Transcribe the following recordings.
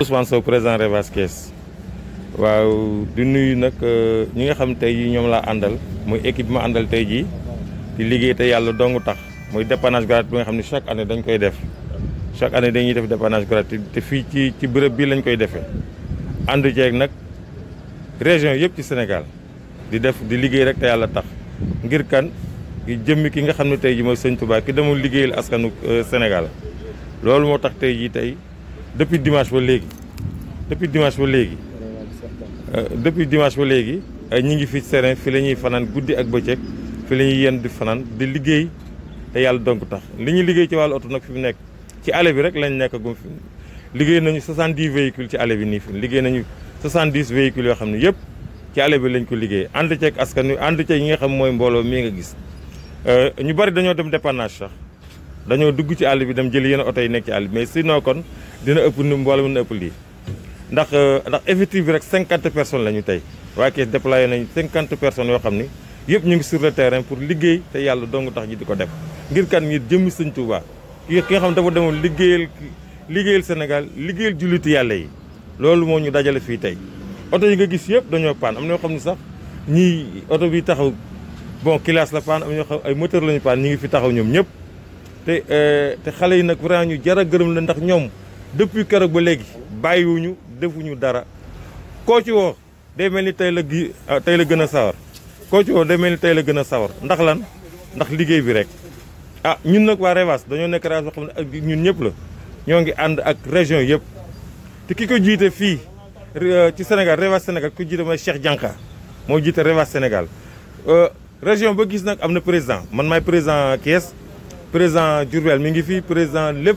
Ousmane Sow président Revas Thiès waaw di nuyu nag euh, ñi nga xam tey jii ñoom laa àndal muy équipe ma àndal tey jii di liggéey te yàlla dong tax muy dépannage gratuit bi nga xam ne chaque année dañ koy def chaque année dañuy def dépannage gratuit te fii ci ci bërëb bii lañu koy defee ànd jeeg nag région yëpp ci Sénégal di def di liggéey rek te yàlla tax ngir kan di jëmmi ki nga xam ne tey jii mooy sëñ Touba ki demul liggéeyal askanu euh, Sénégal loolu moo tax tey jii tey depuis dimanche ba léegi depuis dimanche ba léegi euh, depuis dimanche ba léegi euh, ñi ngi fi terrain fi la ñuy fanaan guddi ak bëccëg fi la ñuy yenn di fanaan di liggéey te yàlla donc tax li ñuy liggéey ci wàllu oto nag fi mu nekk ci allée bi rek lañ nekk gum fi liggéey nañu 70 véhicules ci allée bi nii fi liggéey nañu 70 véhicules yoo xam ne yëpp ci allée bi lañ ko liggéey ànd ceek askan wi ànd ceeg yi nga xam mooy mbooloo mii nga gis euh, ñu bari dañoo dem dépannage sax dañoo dugg ci àll bi dem jëli yenn oto yi nekk ci àll bi mais sinon kon dina ëpp nu wala mën na ëpp lii ndax eh, ndax effectif bi rek cinquante personnes la ñu tey waaye kees déployé nañu cinquante personnes yoo xam ni yëpp ñu ngi sur le terrain pour liggéey te yàlla dong tax ñi di ko def ngir kan ngir jëmmi sëñ Tuubaa ki nga xam dafa demoon liggéeyal liggéeyal Sénégal liggéeyal julliti yàlla yi loolu moo ñu dajale fii tey oto yi nga gis yëpp dañoo paan am na yoo xam ne sax ñii oto bi taxaw bon classe la paan am ñoo xam ay moteur la ñu paan ñi ngi fi taxaw ñoom ñëpp te eh, te xale yi nag vraiment ñu jar a gërëm la ndax ñoom depuis keroog ba léegi bàyyiwuñu defuñu dara koo ci woo day mel ni tey la gi ah, tey la gën a sawar koo ci woo day mel ni tey la gën a sawar ndax lan ndax liggéey bi rek ah ñun nag waa Rewas dañoo nekk Rewas boo xam ne ak ñun ñëpp la ñoo ngi ànd ak région yëpp te ki ko jiite fii euh, ci Sénégal Rewas Sénégal ki ko jiite mooy Cheikh Dianka moo jiite Rewas Sénégal euh, région ba gis nag am na président man may président kees président Diourbel mi ngi fi président lépp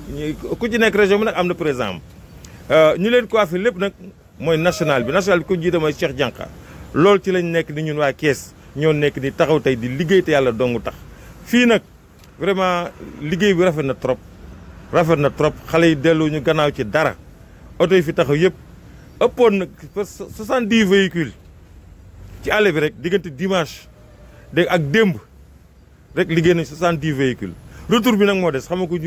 ku ci nekk région bi nag am na président am euh, ñu leen coiffé lépp nag mooy national bi national bi ku jiite mooy Cheikh Dianka loolu ci lañ nekk di ñun waa Kees ñoo nekk di taxaw tey di liggéey te yàlla dongu tax fii nag vraiment liggéey bi rafet na trop rafet na trop xale yi dellu ñu gannaaw ci dara oto yi fi taxaw yëpp ëppoon nag soixante dix véhicules ci àll bi rek diggante dimanche dégg ak démb rek liggéey nañ soixante dix véhicules retour bi nag moo des xam nga ko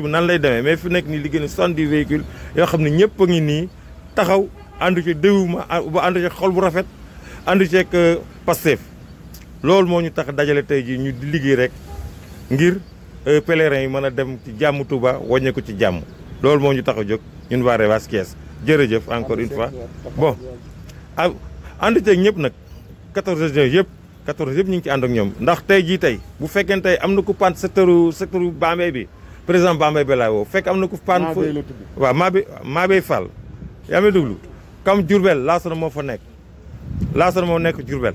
bi nan lay demee mais fi nekk nii li gën a soixante-dix véhicules yoo xam ne ñëpp a ngi nii taxaw àndu ci déwuma ba àndu ci xol bu rafet àndu ceeg euh, Pastef loolu moo ñu tax dajale tey ji ñu di liggéey rek ngir euh, pèlerins yi mën a dem ci jàmm Touba wàññeeku ci jàmm loolu moo ñu tax a jóg ñun waa Rewas Thiès jërëjëf encore une fois bon ah ànd ceeg ñëpp nag quatorze yëpp 14 yëpp ñu ngi ci ànd ak ñoom ndax tey jiitey bu fekkee tey am na ku paan secteur secteur Bambey bi président Bambey bi laay woo fekk am na ku paan waaw maa bi maa bay Fall yaa ngi déglu comme Diourbel Laasana moo fa nekk Laasana moo nekk Diourbel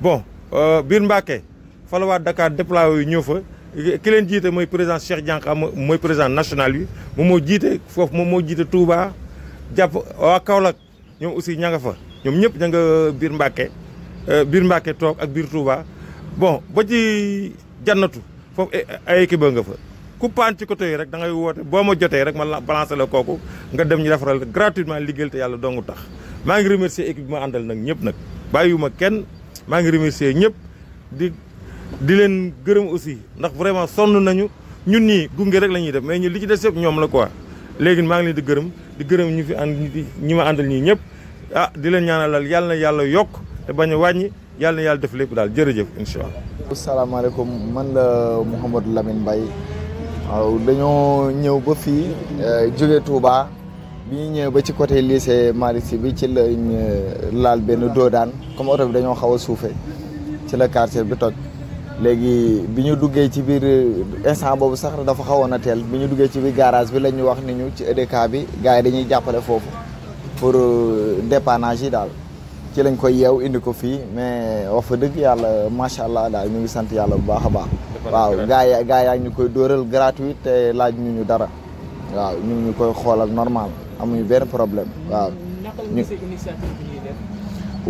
bon euh, biir Mbacke fa la waa Dakar déployé ñëw fa ki leen jiite mooy président Cheikh Dianka mooy président national bi moom moo jiite foofu moom moo jiite Touba jàpp waa Kaolack ñoom aussi ña nga fa ñoom ñëpp ña nga biir Euh, biir Mbacke toog ak biir Touba bon ba ji jannatu foofu ay équipe nga fa ku paan ci côté yi rek da ngay woote boo ma jotee rek ma la balancé la kooku nga dem ñi defaral gratuitement liggéeyal te yàlla dongu tax maa ngi remercier équipe bi ma àndal nag ñëpp nag bàyyiwuma kenn maa ngi remercier ñëpp di di leen gërëm aussi ndax vraiment sonn nañu ñun ñii gunge rek la ñuy def mais ñu li ci des yëpp ñoom la ko léegi maa ngi leen di gërëm di gërëm ñu fi ànd ñi ma àndal ñii ñëpp ah di leen ñaanalal yàlla na yàlla yokk te bañ a wàññi yàlla na yàlla def lépp daal jërëjëf incha allah. asalaamaaleykum man la Mouhamadou Lamine Mbaye waaw dañoo ñëw ba fii eh, jóge Touba bi ñu ñëwee ba ci côté lycée Malick Sy bi ci lañ eh, laal benn doodaan comme oto bi dañoo xaw a suufee ci la quartier bi toj. léegi bi ñu duggee ci biir eh, instant boobu sax dafa xawoon teel bi ñu duggee ci biir garage bi la ñu wax ni ñu ci EDK bi gars yi dañuy jàppale foofu pour dépannage yi daal. ci lañ koy yeew indi ko fii mais wax fa dëgg yàlla macha allah daal ñu ngi sant yàlla bu baax a baax. waaw gaa yi gaa ñu koy dóoral gratuit te laaj ñu ñu dara. waaw ñu ñu koy xoolal normal amuñu benn problème waaw. ñu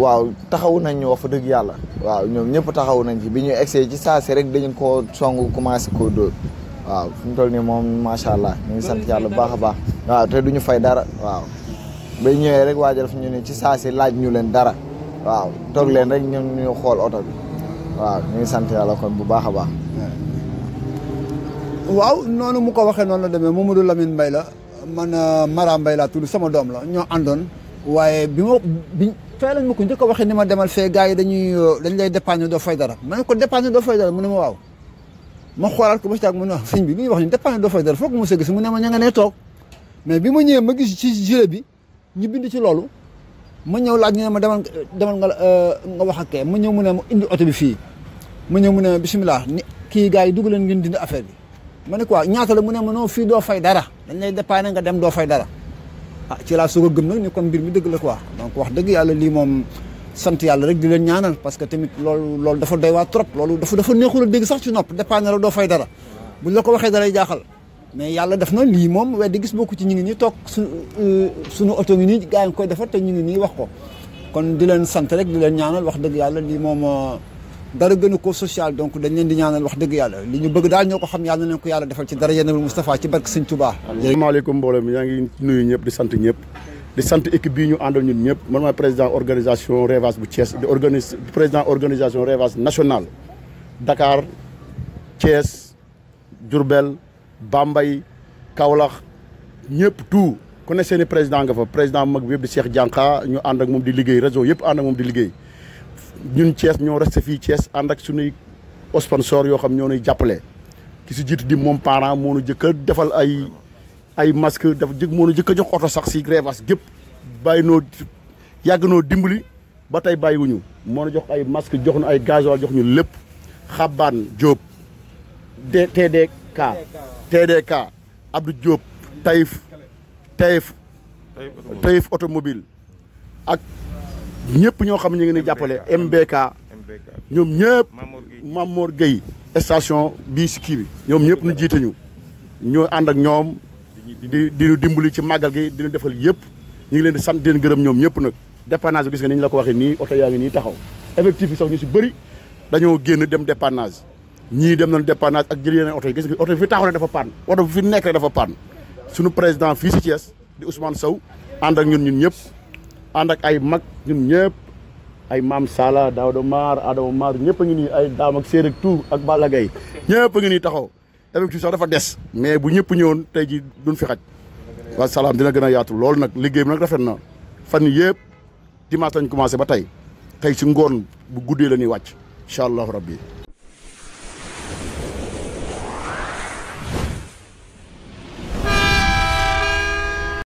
waaw taxawu nañ ñu wax dëgg yàlla. waaw ñoom ñëpp taxawu nañ fi bi ñu egsee ci saa si rek dañu koo song commencé ko dóor. waaw fi mu toll nii moom macha allah ñu ngi sant yàlla bu baax a baax. waaw te duñu fay dara waaw. ba ñëwee rek waajal daf ñu ne ci saa si laaj ñu leen dara waaw toog leen rek ñun ñu xool oto bi waaw ñu ngi sant yàlla kon bu baax a baax. waaw noonu mu ko waxee noonu la demee Mamadou Lamine Mbaye la man euh, Mara Mbaye laa tudd sama doom la ñoo àndoon waaye bi ma bi fee ma ko njëkk a ni ma demal fee gars yi dañuy euh, dañ lay dépanner doo fay dara ma ne ko dépanner doo fay dara ma waaw ma xoolaat ko ba si ak mu ne sëñ bi li ñuy wax ni dépanner ne ma ña nga nee toog bi ma ñëwee ma gis ci gilet bi. ñu bind ci loolu ma ñëw laaj ñu ne ma demal demal nga euh, nga wax a kee ma ñëw mu ne ma indi oto bi fii ma ñëw mu ne ma ni kii gars yi dugg leen ngeen dindi affaire bi ma ne quoi ñaata la mu ne ma non fii doo fay dara dañ lay dépanner nga dem doo fay dara ah ci laa soog a gëm nag ni comme mbir mi dëgg la quoi donc wax dëgg yàlla lii moom sant yàlla rek di leen ñaanal parce que tamit loolu loolu dafa doy waa trop loolu dafa dafa neexul a dégg sax ci nopp dépanner la doo fay dara waxee dalay jaaxal mais yàlla def na lii moom weddi gis bokku ci ñu ngi nii toog su euh, suñu oto ngi nii gaa ngi koy defar te ñu ngi nii wax ko kon di leen sant rek di leen ñaanal wax dëgg yàlla lii moom euh, dara gënu ko social donc dañ leen di ñaanal wax dëgg yàlla li ñu bëgg daal ñoo ko xam yàlla na ko yàlla defal ci dara yenn Moustapha ci barke sëñ Touba. asalaamaaleykum mbooloo mi yaa ngi nuyu ñëpp di sant ñëpp di sant équipe bii ñu àndal ñun ñëpp man maay président organisation Revas bu Thiès di organise président organisation Revas nationale Dakar Bambay Kaolack ñëpp tout ku ne seen président nga fa président mag bi yëpp di Cheikh Dianka ñu ànd ak moom di liggéey réseau yëpp ànd moom di liggéey ñun cees ñoo resté fii cees ànd ak suñuy sponsor yoo xam ñoo nuy jàppale ki si jiit di moom parent moo nu jëkk defal ay ay masque dafa jëkk moo nu jëkk a jox oto sax si grèvas gépp bàyyi noo yàgg noo dimbali ba tey bàyyiwuñu moo nu jox ay masque jox nu ay gasoil jox ñu lépp xabaan jóob de teedeeg TDK TDK jóop Diop Taïf Taïf Taïf automobile ak ñëpp ñoo xam ne ñu ngi ne jàppale MBK ñoom ñëpp Mamour Gueye station bii si kii bi ñoom ñëpp ñu jiite ñu ñoo ànd ak ñoom di di dimbali ci màggal gi di ñu defal yëpp ñu ngi leen di sant di gërëm ñoom ñëpp nag dépannage bi gis nga ni ñu la ko waxee nii oto yaa ngi nii taxaw effectif bi ñu si bëri dañoo génn dem dépannage ñii dem nañ dépannage ak jël yeneen oto yi oto yi fi taxaw ne dafa panne oto bu fi nekk dafa panne suñu président fii si Thiès di Ousmane saw ànd ak ñun ñun ñëpp ànd ak ay mag ñun ñëpp ay Maam Sala Daouda Mar Adama Mar ñëpp a ngi nii ay daama ak séer ak tout ak Balla Gaye ñëpp a ngi nii taxaw effectif sax dafa des mais bu ñëpp ñëwoon tey ji duñ fi xaj wa salaam dina gën a yaatu loolu nag liggéey bi nag rafet na fan yëpp dimanche lañ commencé ba tey tey si ngoon bu guddee la ñuy wàcc incha allahu rabbi